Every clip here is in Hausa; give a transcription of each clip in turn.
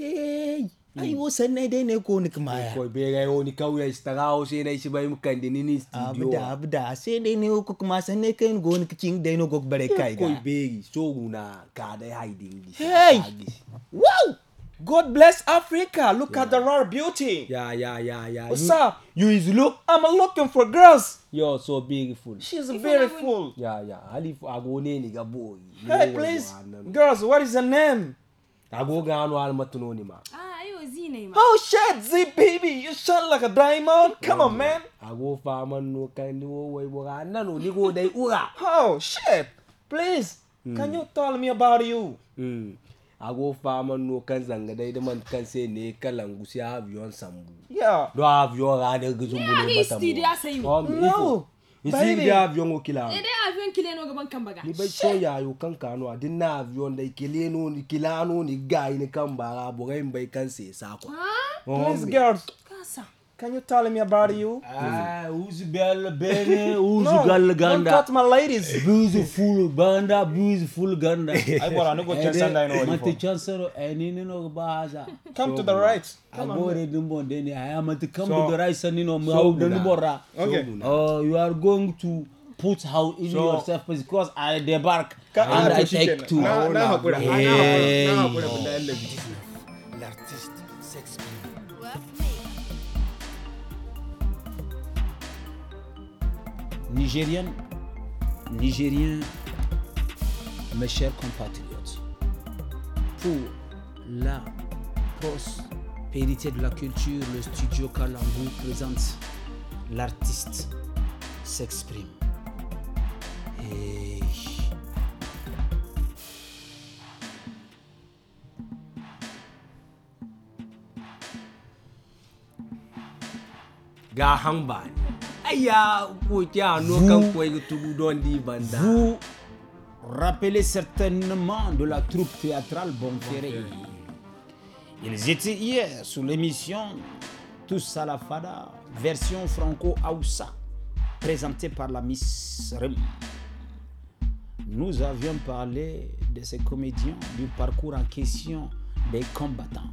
Hmm. ai wo sanne dai ne ko nik maya ko be ga yo ni kauya istagawo sai dai shi bai mu kan dini ni studio abda abda sai dai ne ko kuma sanne kai go nik cin dai no gok bare kai ga ko ah. be so guna ka dai hiding this hey wow God bless Africa. Look yeah. at the rare beauty. Yeah, yeah, yeah, yeah. What's oh, up? You is look. I'm looking for girls. You're so beautiful. She's if beautiful. Yeah, yeah. I live Agone Nigaboy. Hey, please. Girls, what is her name? naguga hano hano matunonima ah, Oh shit, Z baby, you shine like a diamond. Come on, man. Ago farmer no can do way boga nano nigo ura. Oh shit, please. Mm. Can you tell me about you? Mm. Ago farmer no kan zanga dai da man kan sai ne kalan sambu. Yeah. Do avion ra da gizumbu ne mata. isi de avion o kila eh, ide avion kile no gaban kan baga ni bai so yayo kan kano adin na avion da kile no ni kila no ni gai ni kan baga bai kan se sa girls kasa Can you tell me about you? Ah, who's girl Benny? Who's no, girl Ganda? Don't touch my ladies. Beautiful Ganda, beautiful Ganda. I bought a nugo chansanda in order. Mate chansero, enini no bahaza. Come to the right. Come on. Agore dumbo deni. I am going to come to the right. Sani no mau dumbora. Okay. Oh, you are going to put how in so, yourself because I debark and ah, I take two. Ah, now, now, now, now, now, now, now, now, now, now, now, now, now, now, now, now, now, Nigérienne, Nigérien, mes chers compatriotes, pour la prospérité de la culture, le studio Kalangu présente l'artiste s'exprime. Et... Vous, vous rappelez certainement de la troupe théâtrale Bonferré. Ils étaient hier sur l'émission Tous à la Fada, version franco-aoussa, présentée par la Miss Rem. Nous avions parlé de ces comédiens, du parcours en question des combattants.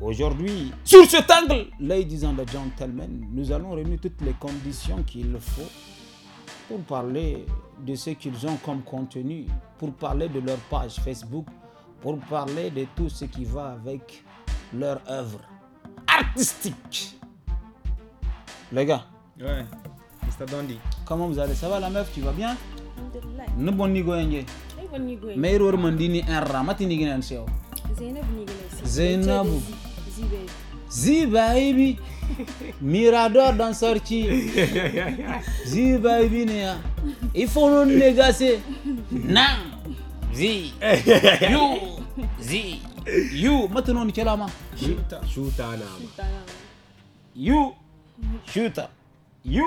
Aujourd'hui, sur cet angle, ladies and gentlemen, nous allons réunir toutes les conditions qu'il faut pour parler de ce qu'ils ont comme contenu, pour parler de leur page Facebook, pour parler de tout ce qui va avec leur œuvre artistique. Les gars. Ouais, Mr. Dandy. Comment vous allez Ça va la meuf Tu vas bien Nous bon nigo hein, hein. mandini ramatini زينب نيجي زينب زي بيبي زي baby mirador dan sarki zi baby ne ya ifonun negası na zi yu zi yu matın onu kelama şuta şuta nama You, şuta You.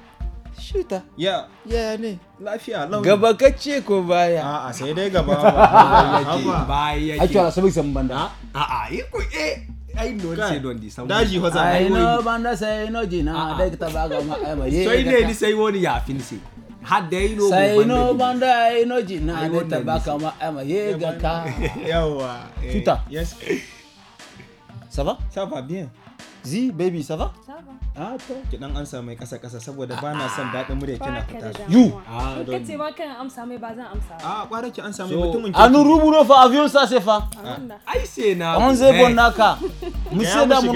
Shita. Ya. Ya ne. Lafiya lau. Gaba kace ko baya? A'a sai dai gaba ba. Baya yake. Ake wala sabai san banda. Ah, a'a yi ko eh ai no sai don di san. Daji ho za ai no banda sai no jina dai ta ba ga ma ai ba. Sai ne ni sai woni ya fin sai. Har da yi no sai no banda ai no jina dai ta ba ga ma ai ma ye ga ka. Yawa. Eh, Shita. Yes. Ça va? Ça va bien. Zi, baby, ça va? Ça va. Ah, to, ki dan amsa mai ah, na son daɗin murya kina fita. You. Ah, don. Kace ma kan amsa ba ah, amsa. Ah, amsa fa avion fa. Ah, na. On bon eh. naka. se da mu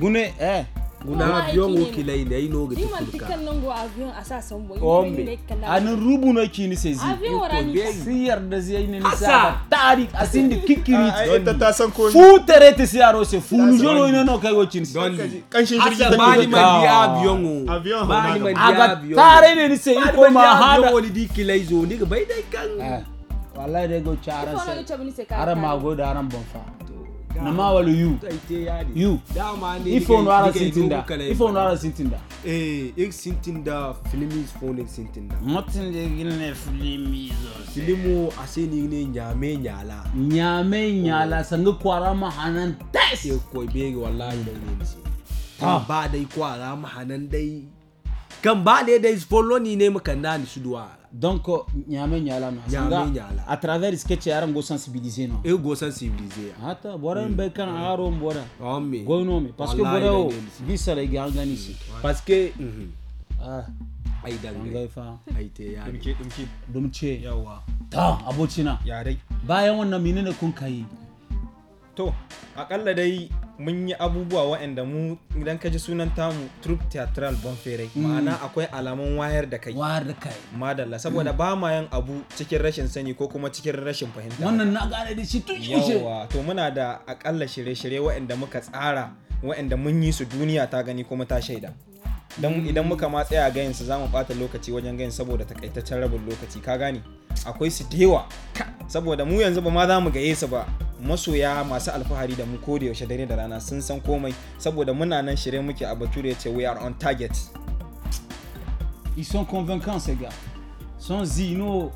on ka eh. guna avion o kila ina ino ga tukulka ti kan nan go avion asa san boy ina kala anan rubu no kini se zi avion rani siyar da zai ne ni sa tari asin da kikiri ah, ita eh, eh, ta san ko fu tere ti siyaro se fu lu jolo ina no kai wocin don kan shin jirgi ta mali man di avion o avion mali man di avion tare ne ni se ko ma hada wani di kila izo ni ga bai dai kan eh, wallahi dai go chara se ara mago da aran bonfa na ma walu yu yu ifo no ara sintinda ifo no ara sintinda ee ik sintinda filimis fone sintinda motin de gine filimis silimu aseni ne nyame nyala nyame nyala oh. sanga kwara mahanan tes e koy bege wallahi da ne misi ah. ta ba dai kwara mahanan dai kan ba dai dai follow ni ne makanda ni suduwa donc ñame ñala a ñame à travers ce que tu as go sensibiliser e go sensibiliser hata bora mbe kan go no parce que bora o bisara ga parce que fa te ya yawa bayan wannan menene kun to akalla dai mun yi abubuwa waɗanda mu idan ka ji sunan tamu troupe theatral bonfere mm. ma'ana akwai alamun wayar da kai wayar da kai madalla saboda mm. ba ma yan abu cikin rashin sani ko kuma cikin rashin fahimta wannan na gane da shi tun yawa to muna da akalla shirye-shirye waɗanda muka tsara waɗanda mun yi su duniya ta gani kuma ta shaida dan idan muka ma tsaya gayin su zamu bata lokaci wajen gayin saboda takaitaccen rabin lokaci ka gane akwai su dewa saboda mu yanzu ba ma za mu gaye su ba masoya masu alfahari da mu ko da yaushe dare da rana sun san komai saboda muna nan shirye muke a bature ce we are on target ils sont convaincants ces gars sont zino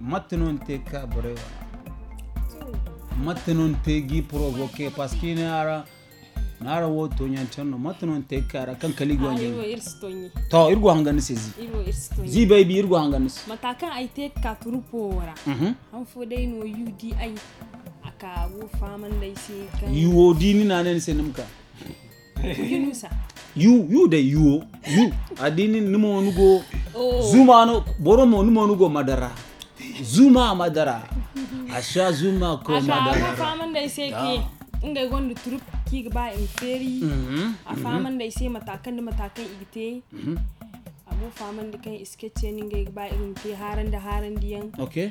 maintenant te cabre maintenant te gi provoquer parce qu'il n'ara nara wo tonyan tanno maintenant te kara kan kali gwan yi. to irgo hangani se zi baby irgo hangani matakan ai te ka turupo wara mhm. an fo dai no udi ai aka faman kan yuwo dini na nan sai nimka yunusa yu yu da yuwo yu adini nimo nugo oh. zuma no madara zuma madara sha zuma ko madara faman ke inga turup ki in feri mhm, a faman mhm. dai matakan da matakan igite mhm. abu faman da kan iske ce irin ke haran da haran diyan okay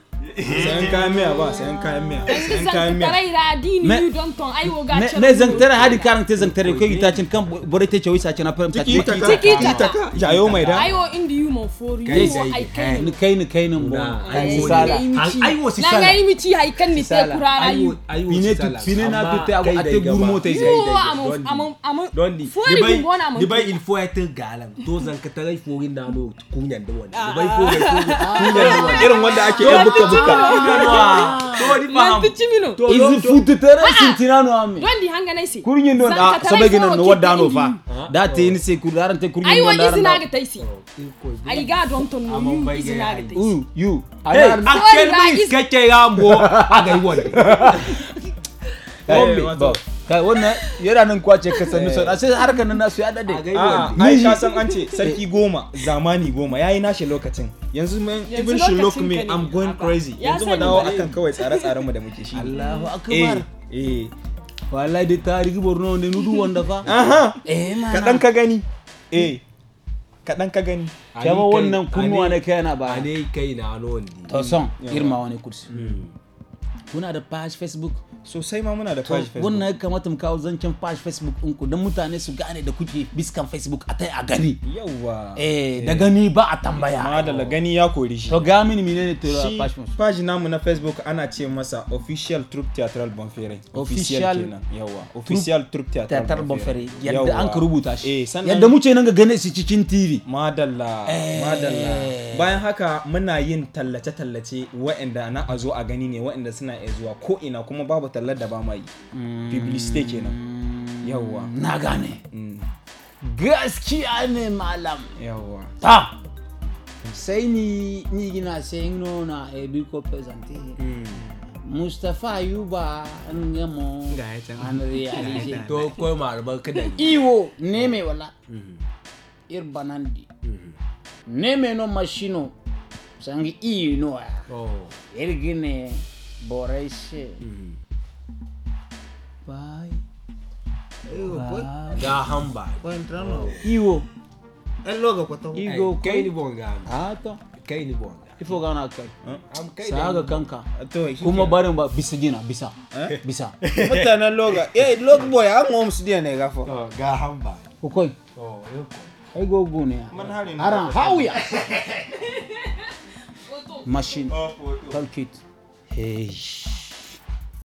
sayan kayan miya ba sayan kayan miya sayan kayan miya tare da adini ni don ton ai woga ce ne zan tare hadi karan te zan tare ko ita cin kan bore te cewa sace na faram tati tiki taka jayo mai da ayo indi you mo for you ai kai ni kai ni kai nan bon ai sala ai wo si sala mi ci ai kan ni te kurara yu pine tu pine na tu te a te gurmo te sai dai amon amon dondi dibai dibai il faut être galant to zan ka tare forin da no kunyan da wani dibai forin ah, kunyan ah, da wani ah. irin wanda ake yan Ah. izi fututera sintinano ame dondi hangana isi kuri nyendo da sabege nan no wadano fa mm. da te ni se kur darante kuri nyendo ay wani sinaga ta isi ay ga don ton no isi naga ta isi you ay akkel mi sketche gambo aga iwon gombe ka wannan yana nan kwace ka sanu sau eh. a sai harkar nan nasu ya dade a ka san an ce sarki goma zamani goma yayi nashi lokacin yanzu man even she look me i'm going crazy yanzu mu dawo akan kawai tsare-tsaren mu da muke shi Allahu eh, akbar eh wallahi dai tarihi borno ne nudu wanda fa aha eh kadan ka gani eh kaɗan ka gani kama wannan kunnuwa na kai na ba ne kai na wani to son irma wani kursi hmm. kuna da page facebook sosai ma muna da page facebook wannan ya kamata mu kawo zancen page facebook ɗinku don mutane su gane da kuke biskan facebook a tai a gani yawa eh da eh. gani ba a tambaya madalla gani ya kori shi to ga mini ne tura page page namu na facebook ana ce masa official troop theatral bonfere official kenan yawa official troop theatral bonfere yadda an ka rubuta shi eh, yadda muke nan ga gane shi cikin tv madalla eh. madalla bayan haka muna yin tallace-tallace wa'anda na a zo a gani ne wa'anda suna iya zuwa ko ina kuma babu tallar da ba ma yi publicity kenan yawwa mm, na gane mm. gaskiya ne malam yawwa ta sai ni ni gina sai nuna e eh, biko pesante mm. Mustapha Ayuba an gamo an realize to ko marba kada iwo ne mai wala ir banandi ne mai no mashino sangi iyo no ya oh ir gine boraise Igo, ah. pues. hamba. Pues entrar no. Igo. É logo quanto eu Igo, quem de bom gama? Ah, tá. Quem de bom gama? Ifo gana kai. Am kai. Saga kanka. To. ¿Eh? Ah, Kuma barin bisa gina, bisa. ¿Eh? Bisa. Mutana loga. é log boy, a home studio ne nega for ga oh, hamba. Ukoi. Oh, yo. Ai go gune ya. Man halin. Machine. Oh, Talk it. Hey.